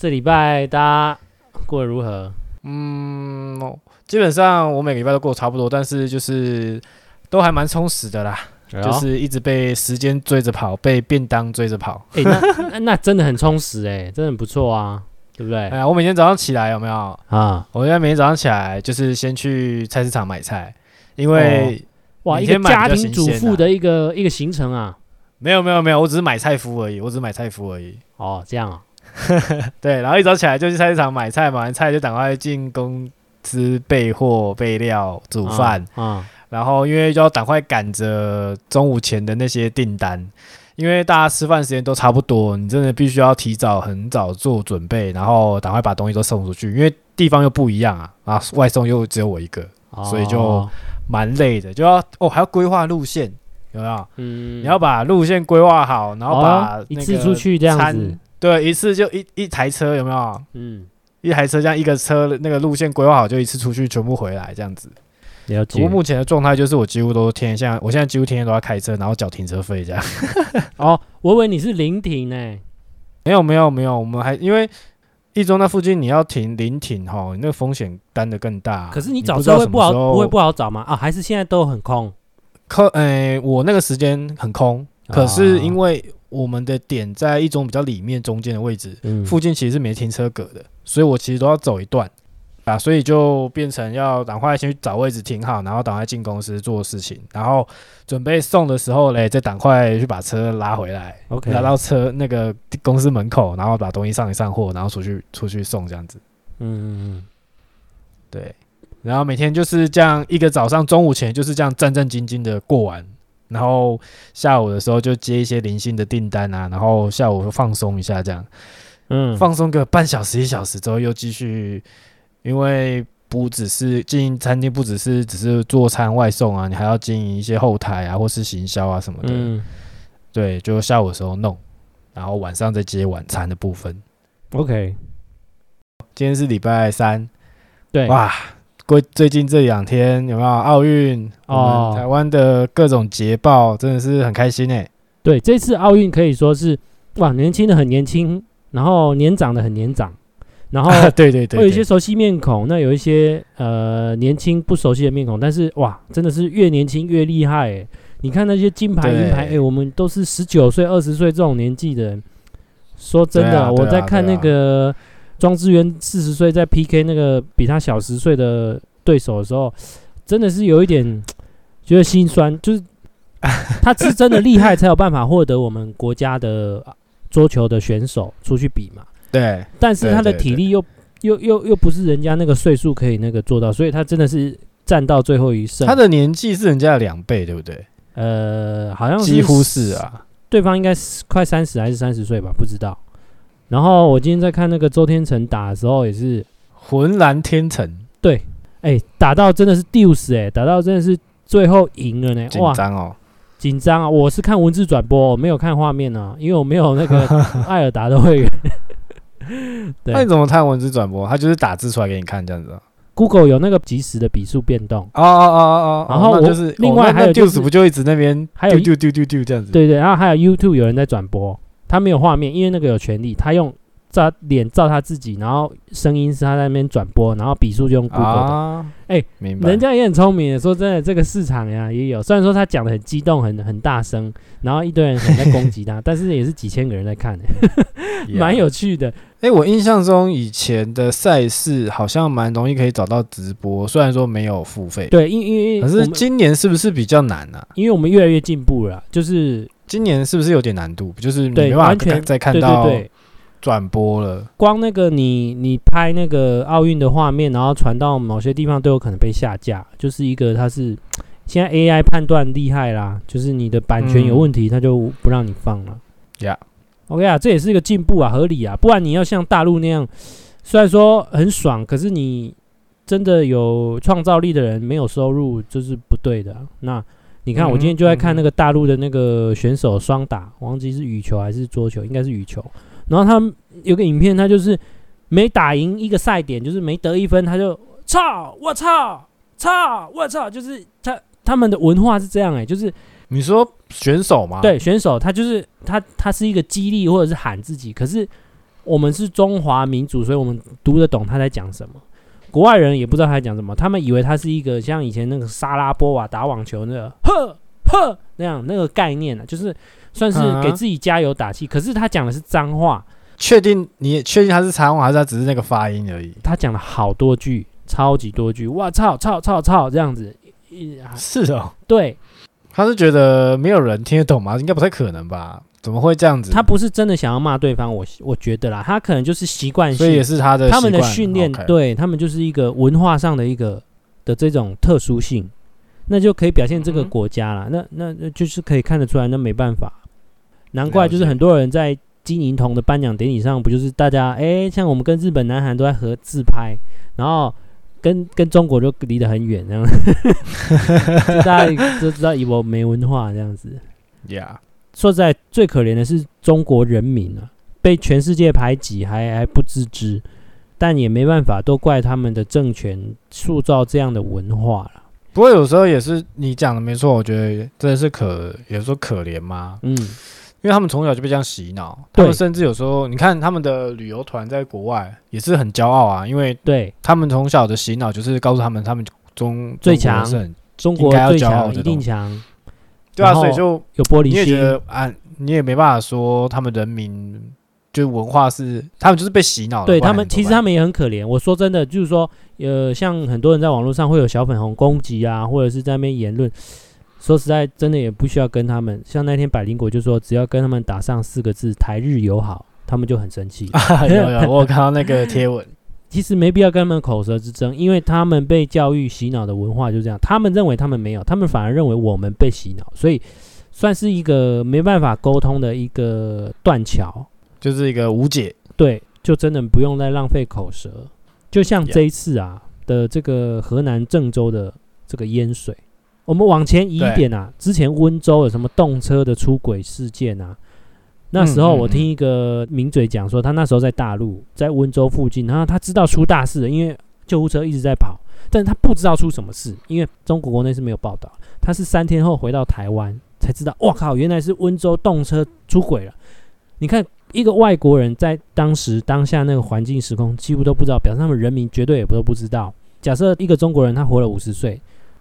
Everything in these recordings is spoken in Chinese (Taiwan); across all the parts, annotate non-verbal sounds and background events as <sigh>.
這禮拜大家過得如何？嗯，基本上我每個禮拜都過得差不多，但是就是都還蠻充實的啦，哦、就是一直被時間追着跑，被便當追着跑。那真的很充實誒、欸，真的很不錯啊，對不對？哎，我每天早上起來有沒有啊？我應該每天早上起來就是先去菜市場買菜，因為每天買、哦、哇，一買家庭主婦的一個一個行程啊。沒有沒有沒有，我只是買菜夫而已，我只是買菜夫而已。哦，這樣啊、哦。 <laughs> 對，然後一早起來就去菜市場買菜，買完菜就趕快進公司備貨、備料、煮飯、嗯。嗯，然後因為就要趕快趕着中午前的那些訂單，因為大家吃飯時間都差不多，你真的必須要提早很早做準備，然後趕快把東西都送出去，因為地方又不一樣啊，啊，外送又只有我一個，哦、所以就蠻累的，就要哦還要規劃路線，有沒有？嗯，你要把路線規劃好，然後把、哦、個餐一次出去這樣子。對，一次就一一台車，有沒有？嗯，一台車，這樣一個車那個路線規劃好，就一次出去，全部回來這樣子。不過解目前的狀態就是我幾乎都天，天，我現在幾乎天天都要開車，然後繳停車費這樣。 <laughs> 哦， <laughs> 我以為你是臨停呢？沒有沒有沒有，我們還因為一中那附近你要停臨停哈，哦，那個風險擔得更大。可是你找車位不好，不會不好找嗎？啊，哦，還是現在都很空？空？誒、呃，我那個時間很空。可是因為我們的點在一種比較裡面中間的位置，附近其實是沒停車格的，所以我其實都要走一段啊，所以就變成要趕快先去找位置停好，然後趕快進公司做事情，然後準備送的時候嘞，再趕快去把車拉回來，拉到車那個公司門口，然後把東西上一上貨，然後出去出去送這樣子。嗯嗯嗯，對，然後每天就是這樣一個早上中午前就是這樣戰戰兢兢的過完。然後下午的時候就接一些零星的訂單啊，然後下午放鬆一下這樣，嗯，放鬆個半小時一小時之後又繼續，因為不只是經營餐廳，不只是只是做餐外送啊，你還要經營一些後台啊，或是行銷啊什麼的，對，就下午的時候弄、no，然後晚上再接晚餐的部分。OK，今天是禮拜三，對，哇。最近這兩天有沒有奧運？哦，台灣的各種捷報真的是很開心哎。對，這次奧運可以說是哇，年輕的很年輕，然後年長的很年長，然後、啊、對，對對對，會有一些熟悉面孔，那有一些呃年輕不熟悉的面孔，但是哇，真的是越年輕越厲害。你看那些金牌銀牌，哎對、欸，我們都是十九歲、二十歲這種年紀的人，說真的，啊、我在看那個。莊智淵四十歲，在 PK 那個比他小十歲的對手的時候，真的是有一點覺得心酸。就是他是真的厲害，才有辦法獲得我們國家的桌球的選手出去比嘛。對，但是他的體力又又又又,又不是人家那個歲數可以那個做到，所以他真的是戰到最後一勝。他的年紀是人家兩倍，對不對？呃，好像幾乎是啊，對方應該是快三十還是三十歲吧，不知道。然後我今天在看那個周天成打的時候，也是渾然天成。對，哎、欸，打到真的是 deuce。哎，打到真的是最後贏了呢、欸。緊張哦哇，緊張啊！我是看文字轉播，我沒有看畫面呢、啊，因為我沒有那個愛爾達的會員。那你怎麼看文字轉播？他就是打字出來給你看這樣子、啊。Google 有那個即時的比數變動。哦哦哦哦哦。然後、就是、另外還有、就是哦、deuce 不就一直那邊還有丟丟有這樣子。對對，然後還有 YouTube 有人在轉播。他沒有畫面，因為那個有權利。他用照臉照他自己，然後聲音是他在那邊轉播，然後比數就用 Google 的。哎，人家也很聰明的，說真的，這個市場呀、啊、也有。雖然說他講得很激動，很很大聲，然後一堆人在攻擊他， <laughs> 但是也是幾千個人在看、欸，蠻 <laughs> Yeah. 有趣的。哎、欸，我印象中以前的賽事好像蠻容易可以找到直播，雖然說沒有付費。對，因因為可是今年是不是比較難啊？因為我們越來越進步了、啊，就是。今年是不是有點難度？就是沒辦法再看到轉播了，對對對。光那個你你拍那個奧運的畫面，然後傳到某些地方都有可能被下架。就是一個它是現在 AI 判斷厲害啦，就是你的版權有問題，它、嗯、就不讓你放了。Yeah. OK 啊，這也是一個進步啊，合理啊。不然你要像大陸那樣，雖然說很爽，可是你真的有創造力的人沒有收入，就是不對的、啊。那。你看，我今天就在看那個大陸的那個選手雙打，嗯嗯、忘記是羽球還是桌球，應該是羽球。然後他們有個影片，他就是沒打贏一個賽點，就是沒得一分，他就操我操操我操，嗯嗯嗯、就是他他們的文化是這樣哎、欸，就是你說選手嘛，對選手，他就是他他是一個激勵或者是喊自己，可是我們是中華民族，所以我們讀得懂他在講什麼。國外人也不知道他講什麼，他們以為他是一個像以前那個莎拉波娃、啊、打網球那個呵呵那樣那個概念的，啊，就是算是給自己加油打氣。嗯啊、可是他講的是髒話，確定你確定他是髒話還是他只是那個發音而已？他講了好多句，超級多句，哇操，操，操操操這樣子，嗯啊、是哦，對，他是覺得沒有人聽得懂嗎？應該不太可能吧。怎麼會這樣子？他不是真的想要罵對方，我我覺得啦，他可能就是習慣性。所以也是他的他們的訓練，Okay 對他們就是一個文化上的一個的這種特殊性，那就可以表現這個國家啦。嗯嗯，那那那就是可以看得出來，那沒辦法，難怪就是很多人在金銀銅的頒獎典禮上，不就是大家哎、欸，像我們跟日本、南韓都在合自拍，然後跟跟中國就離得很遠，這樣， <laughs> <laughs> 就大家都知道以我沒、沒文化這樣子，Yeah。說實在，最可憐的是中國人民啊，被全世界排擠還還不自知，但也沒辦法，都怪他們的政權塑造這樣的文化了。不過有時候也是你講的沒錯，我覺得真的是可有時候可憐嘛。嗯，因為他們從小就被這樣洗腦，對他們甚至有時候你看他們的旅遊團在國外也是很驕傲啊，因為對他們從小的洗腦就是告訴他們，他們中最強強，中國人要驕傲一定強。對啊，所以就有玻璃心。你也沒辦法說他們人民，就文化是他們就是被洗腦的。對他們，其實他們也很可憐。我說真的，就是說，呃，像很多人在網絡上會有小粉紅攻擊啊，或者是在那邊言論，說實在真的也不需要跟他們。像那天百靈果就說，只要跟他們打上四個字“台日友好”，他們就很生氣啊！有有，我有看到那個貼文。 <laughs> 其實沒必要跟他們口舌之爭，因為他們被教育洗腦的文化就這樣，他們認為他們沒有，他們反而認為我們被洗腦，所以算是一個沒辦法溝通的一個斷橋，就是一個無解。對，就真的不用再浪費口舌。就像這一次啊 Yeah. 的這個河南鄭州的這個淹水，我們往前移一點啊，對之前溫州有什麼動車的出軌事件啊？那時候我聽一個名嘴講說，他那時候在大陸，在溫州附近，然後他知道出大事了，因為救護車一直在跑，但是他不知道出什麼事，因為中國國內是沒有報道。他是三天後回到台灣才知道，哇靠，原來是溫州動車出軌了。你看一個外國人在當時當下那個環境時空，幾乎都不知道，表示他們人民絕對也不都不知道。假設一個中國人他活了五十歲。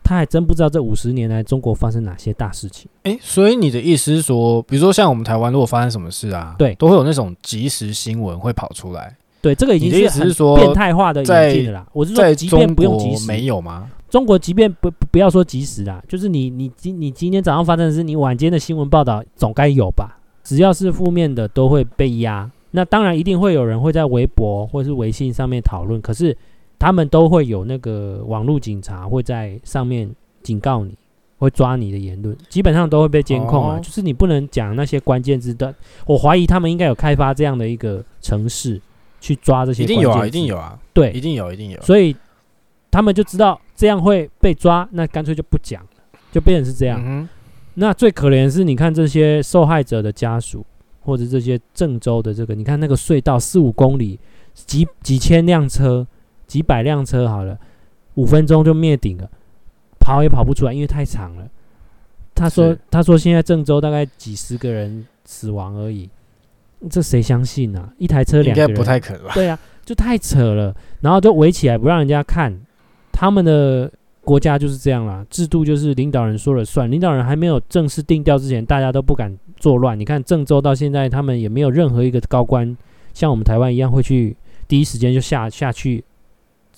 他還真不知道這五十年來中國發生哪些大事情。哎，所以你的意思是說，比如說像我們台灣，如果發生什麼事啊，對，都會有那種即時新聞會跑出來。對，這個已經是變態化的演進的啦。我是說，即便不用即時，沒有嗎？中國即便不不要說即時啦，就是你你今你今天早上發生的事，你晚間的新聞報道總該有吧？只要是負面的，都會被壓。那當然，一定會有人會在微博或是微信上面討論。可是。他們都會有那個網絡警察會在上面警告你，會抓你的言論，基本上都會被監控啊。Oh. 就是你不能講那些關鍵字的。我懷疑他們應該有開發這樣的一個程式，去抓這些。一定有啊，一定有啊。對，一定有，一定有。所以他們就知道這樣會被抓，那乾脆就不講，就變成是這樣。Mm hmm. 那最可憐的是你看這些受害者的家屬，或者這些鄭州的這個，你看那個隧道四五公里，幾幾千輛車。幾百輛車好了，五分鐘就滅頂了，跑也跑不出來，因為太長了。他說：“是他說現在鄭州大概幾十個人死亡而已，這誰相信呢、啊？一台車兩個人，應該不太可吧？對啊，就太扯了。然後就圍起來不讓人家看，他們的國家就是這樣啦，制度就是領導人說了算。領導人還沒有正式定調之前，大家都不敢作亂。你看鄭州到現在，他們也沒有任何一個高官像我們台灣一樣會去第一時間就下下去。”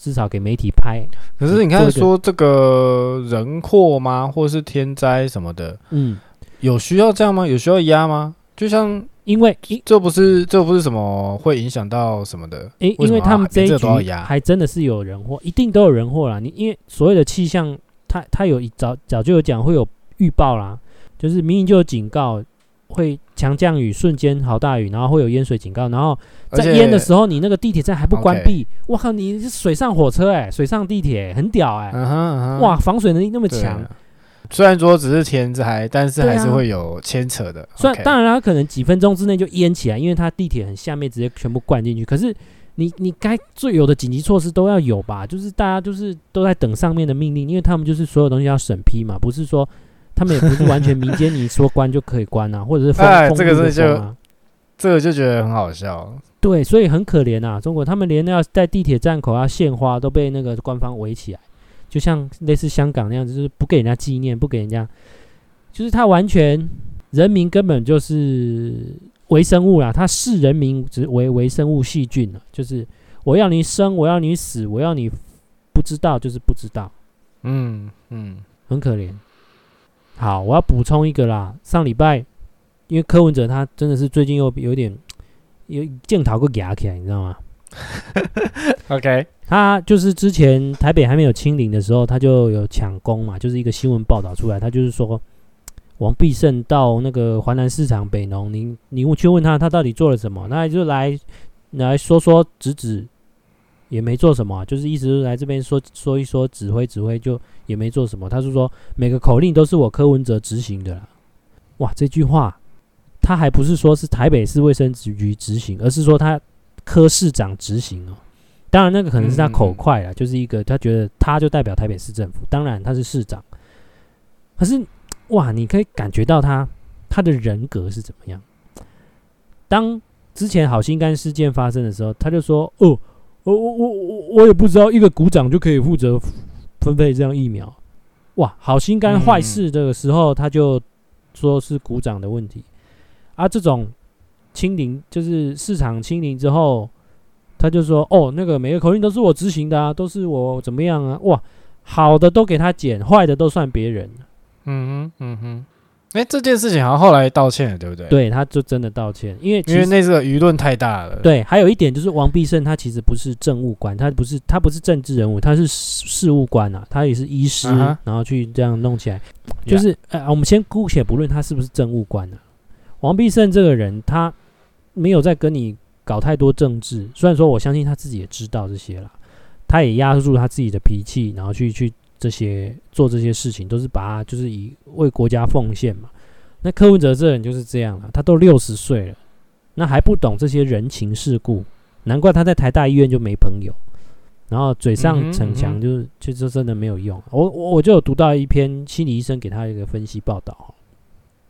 至少給媒體拍。可是你看，說這個人禍嗎，或者是天災什麼的，嗯，有需要這樣嗎？有需要壓嗎？就像因為這，不是這不是什麼會影響到什麼的，哎、欸，為什麼啊、因為他們這一局還真的是有人禍，一定都有人禍啦。你因為所有的氣象，他他有早早就有講會有預報啦，就是明明就有警告。會強降雨，瞬間好大雨，然後會有淹水警告，然後在淹的時候，且你那個地鐵站還不關閉，Okay. 哇靠，你是水上火車哎、欸，水上地鐵很屌哎、欸，uh huh, uh huh. 哇，防水能力那麼強，啊、雖然說只是天災，但是還是會有牽扯的。啊、Okay. 雖然當然它可能幾分鐘之內就淹起來，因為它地鐵很下面直接全部灌進去，可是你你該最有的緊急措施都要有吧？就是大家就是都在等上面的命令，因為他們就是所有東西要審批嘛，不是說。他們也不是完全民間，你說關就可以關啊， <laughs> 或者是封、哎、封、啊、這封這個就覺得很好笑，對，所以很可憐啊。中國他們連那要在地鐵站口要、啊、獻花都被那個官方圍起來，就像類似香港那樣子，就是不給人家紀念，不給人家，就是他完全人民根本就是微生物啦，他視人民只為微生物細菌了，就是我要你生，我要你死，我要你不知道就是不知道，嗯嗯，嗯很可憐。好，我要補充一個啦。上禮拜，因為柯文哲他真的是最近又有點，有鏡頭過夾起來，你知道嗎 <laughs> ？OK，他就是之前台北還沒有清零的時候，他就有搶攻嘛，就是一個新聞報道出來，他就是說王必勝到那個環南市場北農，你你去問他，他到底做了什麼？那就來來說說指指。也沒做什麼，啊，就是一直是來這邊說說一說指揮指揮，就也沒做什麼。他是說，說每個口令都是我柯文哲執行的啦，哇！這句話他還不是說是台北市衛生局執行，而是說他柯市長執行哦。當然，那個可能是他口快了，就是一個他覺得他就代表台北市政府。當然他是市長，可是哇，你可以感覺到他他的人格是怎麼樣。當之前好心肝事件發生的時候，他就說哦。我我我我也不知道，一個股長就可以負責分配這樣疫苗，哇！好心肝壞事的時候，他就說是股長的問題啊。這種清零就是市場清零之後，他就說哦，那個每個口令都是我執行的啊，都是我怎麼樣啊？哇，好的都給他撿，壞的都算別人、啊。嗯哼，嗯哼。哎、欸，這件事情好像後來道歉了，對不對？對，他就真的道歉，因為其實因為那個輿論太大了。對，還有一點就是王必勝他其實不是政務官，他不是他不是政治人物，他是事務官啊，他也是醫師，uh huh. 然後去這樣弄起來，就是哎 Yeah.、呃，我們先姑且不論他是不是政務官了，啊。王必勝這個人，他沒有在跟你搞太多政治，雖然說我相信他自己也知道這些了，他也壓得住他自己的脾氣，然後去去。這些做這些事情都是把他就是以為國家奉獻嘛。那柯文哲這人就是這樣了、啊，他都六十歲了，那還不懂這些人情世故，難怪他在台大醫院就沒朋友。然後嘴上逞強，嗯哼嗯哼就是就就真的沒有用。我我我就有讀到一篇心理醫生給他一個分析報道、哦，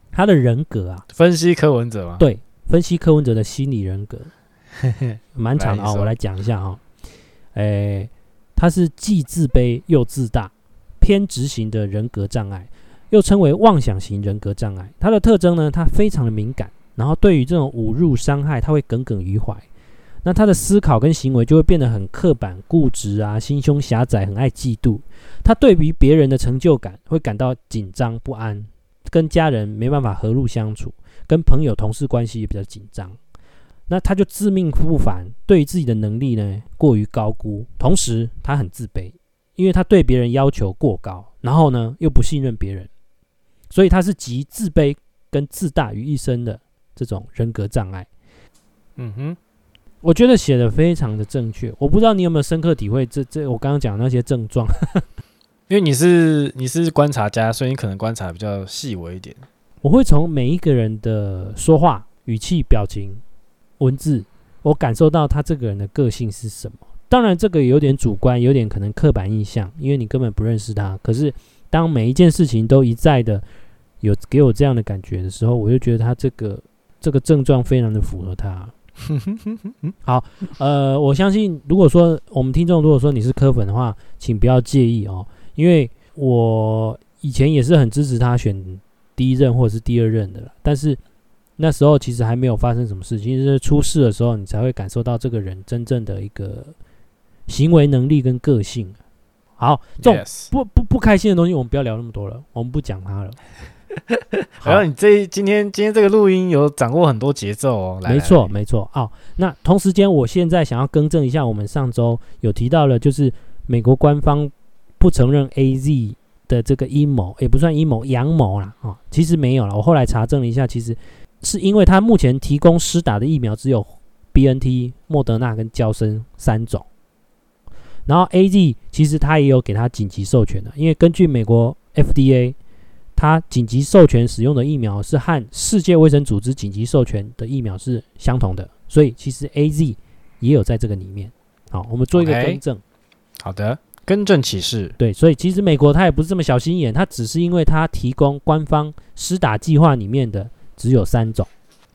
他的人格啊，分析柯文哲嗎？對，分析柯文哲的心理人格，蠻 <laughs> 長的啊、哦，我來講一下啊、哦。誒、欸，他是既自卑又自大。偏執型的人格障礙，又稱為妄想型人格障礙。它的特徵呢，它非常的敏感，然後對於這種侮辱傷害，他會耿耿於懷。那他的思考跟行為就會變得很刻板、固執啊，心胸狹窄，很愛嫉妒。他對於別人的成就感，會感到緊張不安，跟家人沒辦法和睦相處，跟朋友、同事關係也比較緊張。那他就自命不凡，對於自己的能力呢過於高估，同時他很自卑。因為他對別人要求過高，然後呢又不信任別人，所以他是集自卑跟自大於一身的這種人格障礙。嗯哼，我覺得寫得非常的正確。我不知道你有沒有深刻體會這這我剛剛講的那些症狀？ <laughs> 因為你是你是觀察家，所以你可能觀察比較細微一點。我會從每一個人的說話語氣、表情、文字，我感受到他這個人的個性是什麼。當然，這個有點主觀，有點可能刻板印象，因為你根本不認識他。可是，當每一件事情都一再的有給我這樣的感覺的時候，我就覺得他這個這個症狀非常的符合他。好，呃，我相信，如果說我們聽眾如果說你是柯粉的話，請不要介意哦，因為我以前也是很支持他選第一任或者是第二任的，但是那時候其實還沒有發生什麼事情，就是出事的時候你才會感受到這個人真正的一個。行為能力跟個性，好，這種不不不開心的東西，我們不要聊那麼多了，我們不講它了。好像你這今天今天這個錄音有掌握很多節奏哦。沒錯沒錯啊，那同時間，我現在想要更正一下，我們上周有提到了，就是美國官方不承認 AZ 的這個陰謀，也不算陰謀，陽謀啦啊，其實沒有啦。我後來查證了一下，其實是因為他目前提供施打的疫苗只有 BNT、莫德納跟嬌生三種。然後 A Z 其實它也有給它緊急授權的，因為根據美國 F D A，它緊急授權使用的疫苗是和世界衛生組織緊急授權的疫苗是相同的，所以其實 A Z 也有在這個裡面。好，我們做一個更正。好的，更正啟事。對，所以其實美國它也不是這麼小心眼，它只是因為它提供官方施打計劃裡面的只有三種。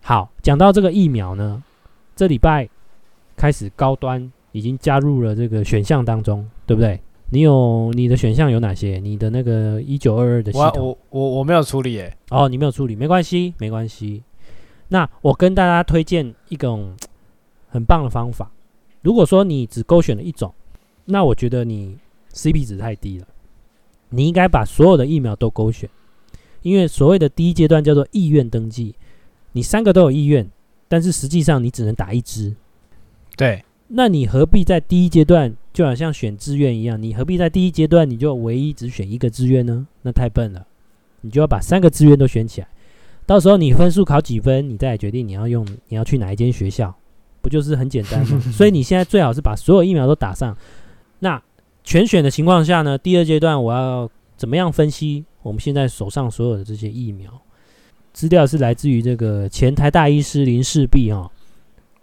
好，講到這個疫苗呢，這禮拜開始高端，已經加入了這個選項當中，對不對？你有你的選項有哪些？你的那個一九二二的我、啊，我我我我沒有處理哎。哦，你沒有處理，沒關係，沒關係。那我跟大家推薦一種很棒的方法。如果說你只勾選了一種，那我覺得你 CP 值太低了。你應該把所有的疫苗都勾選，因為所謂的第一階段叫做意願登記，你三個都有意願，但是實際上你只能打一支。對。那你何必在第一階段就好像選志願一樣？你何必在第一階段你就唯一只選一個志願呢？那太笨了。你就要把三個志願都選起來，到時候你分數考幾分，你再決定你要用你要去哪一間學校，不就是很簡單嗎？ <laughs> 所以你現在最好是把所有疫苗都打上。那全選的情況下呢？第二階段我要怎麼樣分析？我們現在手上所有的這些疫苗資料是來自於這個前台大醫師林氏璧哦。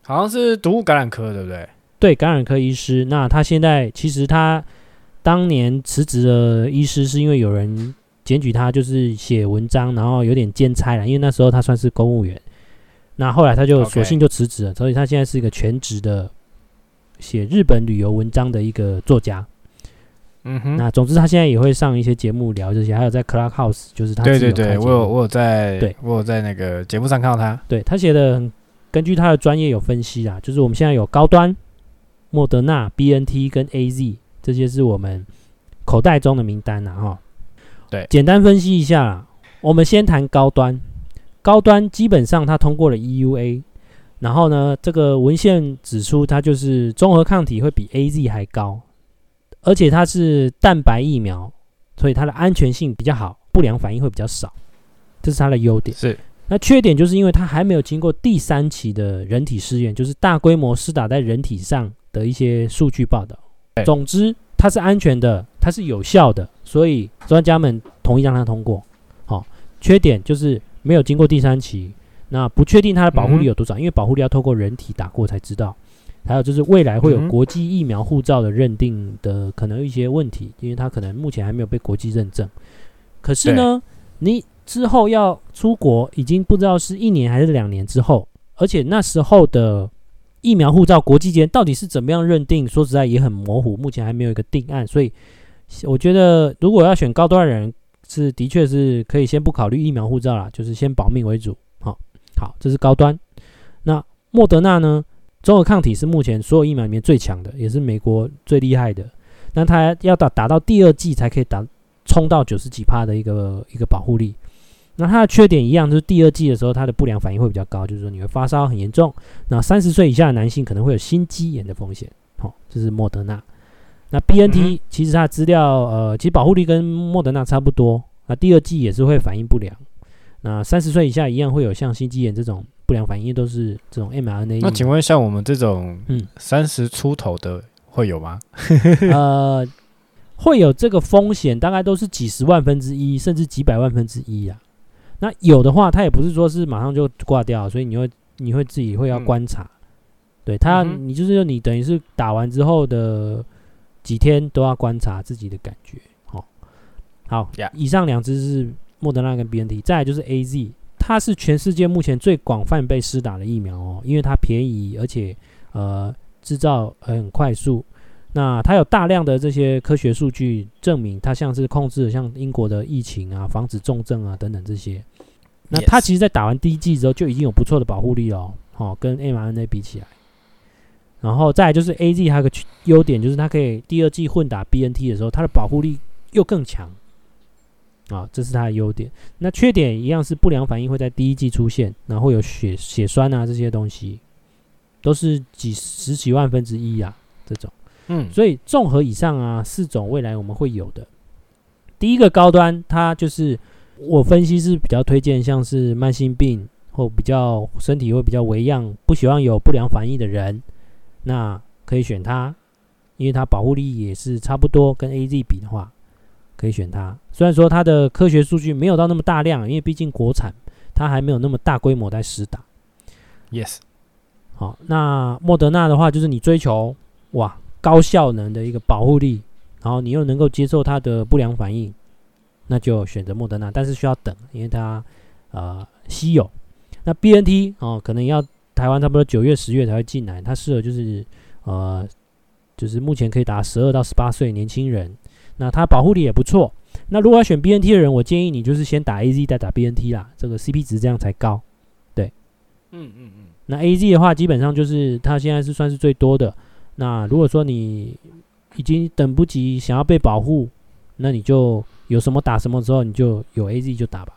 好像是讀感染科，對不對？對，感染科醫師。那他現在其實他當年辭職的醫師，是因為有人檢舉他，就是寫文章，然後有點兼差了，因為那時候他算是公務員。那後來他就索性就辭職了，Okay. 所以他現在是一個全職的寫日本旅游文章的一個作家。嗯哼。那總之他現在也會上一些節目聊這些，還有在 Clubhouse，就是他對對對，有我有我有在對我有在那個節目上看到他，對他寫的。根據他的專業有分析啊，就是我們現在有高端、莫德納、B N T 跟 A Z 這些是我們口袋中的名單哈。對，簡單分析一下，我們先談高端。高端基本上它通過了 E U A，然後呢，這個文獻指出它就是綜合抗體會比 A Z 還高，而且它是蛋白疫苗，所以它的安全性比較好，不良反應會比較少，這是它的優點。是。那缺點就是因為它還沒有經過第三期的人體試驗，就是大規模施打在人體上的一些數據報道。總之，它是安全的，它是有效的，所以專家們同意讓它通過。好，缺點就是沒有經過第三期，那不確定它的保護率有多少，因為保護力要透過人體打過才知道。還有就是未來會有國際疫苗護照的認定的可能一些問題，因為它可能目前還沒有被國際認證。可是呢，你。之後要出國，已經不知道是一年還是兩年之後，而且那時候的疫苗護照國際間到底是怎麼樣認定，說實在也很模糊，目前還沒有一個定案。所以我覺得，如果要選高端的人，是的確是可以先不考慮疫苗護照啦，就是先保命為主。好，好，這是高端。那莫德納呢？中和抗體是目前所有疫苗裡面最強的，也是美國最厲害的。那它要達達到第二劑才可以達衝到九十幾趴的一個一個保護力。那它的缺點一樣，就是第二季的時候，它的不良反應會比較高，就是說你會發燒很嚴重。那三十歲以下的男性可能會有心肌炎的風險。好，這是莫德納。那 BNT 其實它的資料呃，其實保護力跟莫德納差不多。那第二季也是會反應不良。那三十歲以下一樣會有像心肌炎這種不良反應，都是這種 mRNA。那請問像我們這種嗯三十出頭的會有嗎？呃，會有這個風險，大概都是幾十萬分之一，甚至幾百萬分之一呀、啊。那有的話，他也不是說是馬上就掛掉，所以你會你會自己會要觀察，對他，你就是你等於是打完之後的幾天都要觀察自己的感覺，好，好。以上兩支是莫德納跟 BNT，再來就是 AZ，它是全世界目前最廣泛被施打的疫苗哦，因為它便宜而且呃製造很快速，那它有大量的這些科學數據證明它像是控制像英國的疫情啊、防止重症啊等等這些。那它其實，在打完第一劑之後，就已經有不錯的保護力哦。好，跟 mRNA 比起來，然後再來就是 AZ，它的優點就是它可以第二劑混打 BNT 的時候，它的保護力又更強。啊，這是它的優點。那缺點一樣是不良反應會在第一劑出現，然後會有血血栓啊這些東西，都是幾十幾萬分之一啊這種。嗯，所以綜合以上啊，四種未來我們會有的第一個高端，它就是。我分析是比較推薦，像是慢性病或比較身體會比較微恙，不希望有不良反應的人，那可以選它，因為它保護力也是差不多，跟 AZ 比的話，可以選它。雖然說它的科學數據沒有到那麼大量，因為畢竟國產它還沒有那麼大規模在施打。Yes，好，那莫德納的話就是你追求哇高效能的一個保護力，然後你又能夠接受它的不良反應。那就選擇莫德納，但是需要等，因為它，呃，稀有。那 BNT 哦，可能要台灣差不多九月、十月才會進來。它適合就是，呃，就是目前可以打十二到十八歲年輕人。那它保護力也不錯。那如果要選 BNT 的人，我建議你就是先打 AZ 再打 BNT 啦，這個 CP 值這樣才高。對，嗯嗯嗯。那 AZ 的話，基本上就是它現在是算是最多的。那如果說你已經等不及想要被保護，那你就。有什麼打什麼，之後你就有 AZ 就打吧。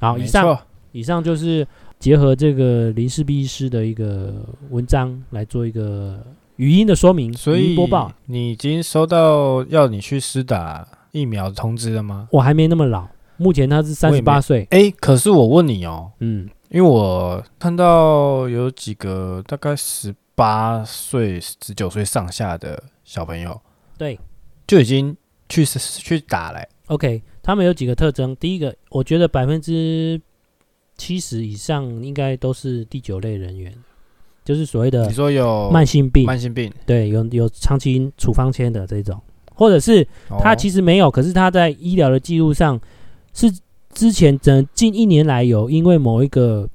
好，以上以上就是結合這個林氏璧醫師的一個文章來做一個語音的說明，語音播報。你已經收到要你去施打疫苗的通知了嗎？我還沒那麼老，目前他是三十八歲。誒，可是我問你哦，嗯，因為我看到有幾個大概十八歲、十九歲上下的小朋友，對，就已經去去打了。OK，他們有幾個特徵。第一個，我覺得百分之七十以上應該都是第九類人員，就是所謂的你說有慢性病，慢性病對，有有長期處方簽的這種，或者是他其實沒有，哦、可是他在醫療的記錄上是之前整近一年來有因為某一個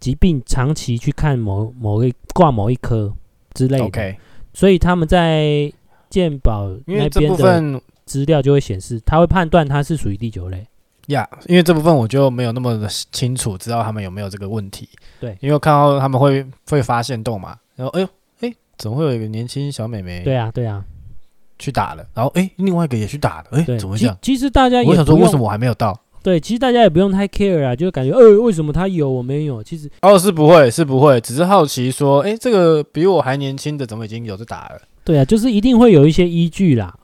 疾病長期去看某某一掛某一科之類的，OK，所以他們在健保那邊的。資料就會顯示，他會判斷他是屬於第九類。呀，yeah, 因為這部分我就沒有那麼的清楚，知道他們有沒有這個問題。對，因為我看到他們會會發現洞嘛，然後哎呦、欸、怎麼會有一個年輕小美眉？對啊，對啊，去打了，然後哎、欸，另外一個也去打了，哎、欸，對怎麼講？其實大家也我想說，為什麼我還沒有到？對，其實大家也不用太 care 啊，就感覺呃、欸，為什麼他有我沒有？其實哦，oh, 是不會是不會，只是好奇說，哎、欸，這個比我還年輕的怎麼已經有的打了？對啊，就是一定會有一些依據啦。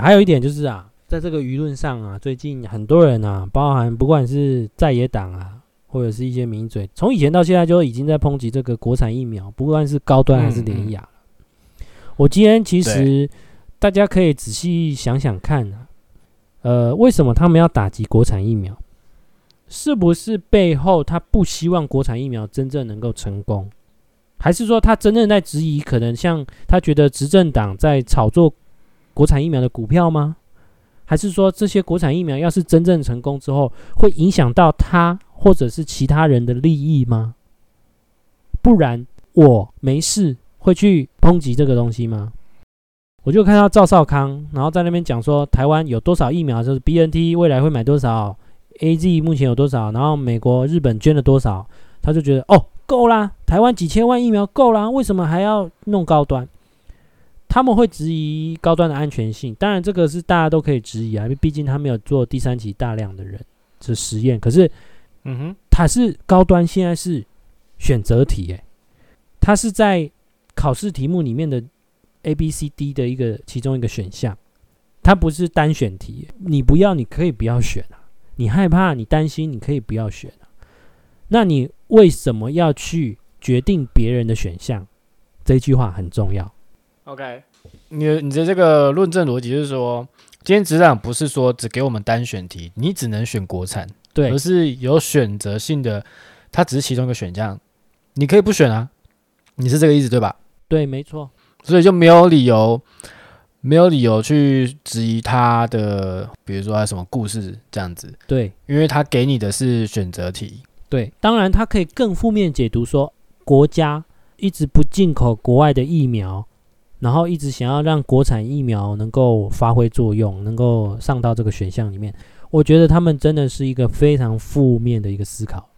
還有一點就是啊，在這個輿論上啊，最近很多人啊，包含不管是在野黨啊，或者是一些名嘴，從以前到現在就已經在抨擊這個國產疫苗，不管是高端還是聯亞，我今天其實大家可以仔細想想看啊，呃，為什麼他們要打擊國產疫苗？是不是背後他不希望國產疫苗真正能夠成功，還是說他真正在質疑？可能像他覺得執政黨在炒作？國產疫苗的股票嗎？還是說這些國產疫苗要是真正成功之後，會影響到他或者是其他人的利益嗎？不然我沒事會去抨擊這個東西嗎？我就看到趙少康，然後在那邊講說台灣有多少疫苗，就是 BNT 未來會買多少，AZ 目前有多少，然後美國、日本捐了多少，他就覺得哦夠啦，台灣幾千萬疫苗夠啦，為什麼還要弄高端？他們會質疑高端的安全性，當然這個是大家都可以質疑啊，因為畢竟他沒有做第三期大量的人這實驗。可是，嗯哼，他是高端，現在是選擇題，欸，他是在考試題目裡面的 A、B、C、D 的一個其中一個選項，他不是單選題。你不要，你可以不要選啊，你害怕，你擔心，你可以不要選啊。那你為什麼要去決定別人的選項？這一句話很重要。OK，你你的這個論證邏輯是說，今天執長不是說只給我們單選題，你只能選國產，對，而是有選擇性的，它只是其中一個選項，你可以不選啊，你是這個意思對吧？對，沒錯，所以就沒有理由沒有理由去質疑他的，比如說他有什麼故事這樣子，對，因為他給你的是選擇題對，對，當然他可以更負面解讀說，國家一直不進口國外的疫苗。然後一直想要讓國產疫苗能夠發揮作用，能夠上到這個選項裡面，我覺得他們真的是一個非常負面的一個思考。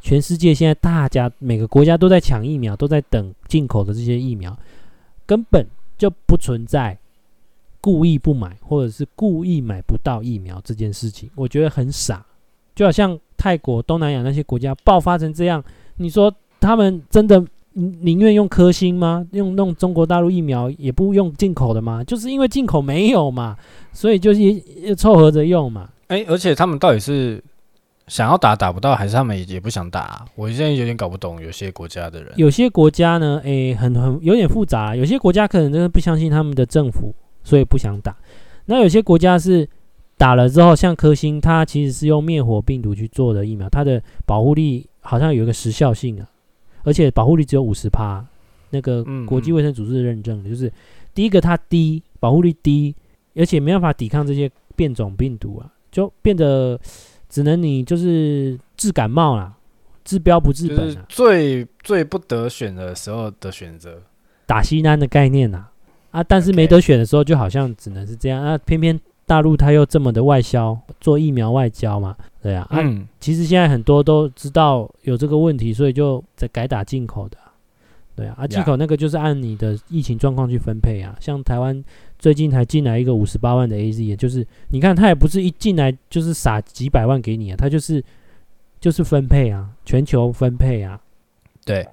全世界現在大家每個國家都在搶疫苗，都在等進口的這些疫苗，根本就不存在故意不買或者是故意買不到疫苗這件事情。我覺得很傻，就好像泰國、東南亞那些國家爆發成這樣，你說他們真的……寧寧願用科興嗎？用弄中國大陸疫苗也不用進口的嗎？就是因為進口沒有嘛，所以就是也，也湊合着用嘛。哎、欸，而且他們到底是想要打打不到，還是他們也，也不想打？我現在有點搞不懂有些國家的人。有些國家呢，哎、欸，很很有點複雜。有些國家可能真的不相信他們的政府，所以不想打。那有些國家是打了之後，像科興，它其實是用滅活病毒去做的疫苗，它的保護力好像有一個時效性啊。而且保護率只有五十趴，那個國際衛生組織的認證，就是第一個它低，保護率低，而且沒辦法抵抗這些變種病毒啊，就變得只能你就是治感冒了，啊，治標不治本。最最不得選的時候的選擇，打新冠的概念吶啊，啊，但是沒得選的時候，就好像只能是這樣啊，偏偏。大陸他又這麼的外銷，做疫苗外交嘛？對啊，啊嗯，其實現在很多都知道有這個問題，所以就在改打進口的啊，對啊，啊，進 Yeah. 口那個就是按你的疫情狀況去分配啊。像台灣最近還進來一個五十八萬的 A Z，也就是你看他也不是一進來就是撒幾百萬給你啊，他就是就是分配啊，全球分配啊，對。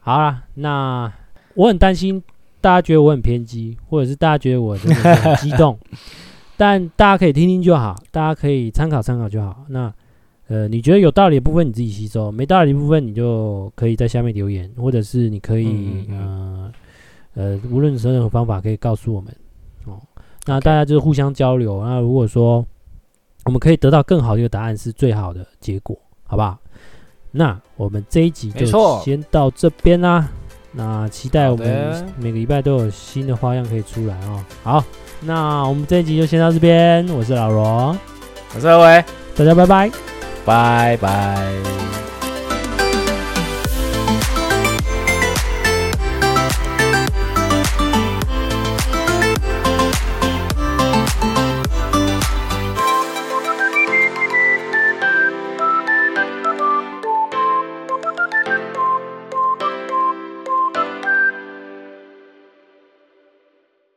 好啊。那我很擔心大家覺得我很偏激，或者是大家覺得我就是很激動。 <laughs> 但大家可以聽聽就好，大家可以參考參考就好。那，呃，你覺得有道理的部分你自己吸收，沒道理的部分你就可以在下面留言，或者是你可以，嗯嗯、呃，嗯、呃，無論你說任何方法可以告訴我們。哦，那大家就是互相交流。那如果說我們可以得到更好的答案，是最好的結果，好不好？那我們這一集就先到這邊啦。那期待我們每個禮拜都有新的花樣可以出來哦。好。那我們這一集就先到這邊，我是老羅，我是阿偉，大家拜拜，拜拜。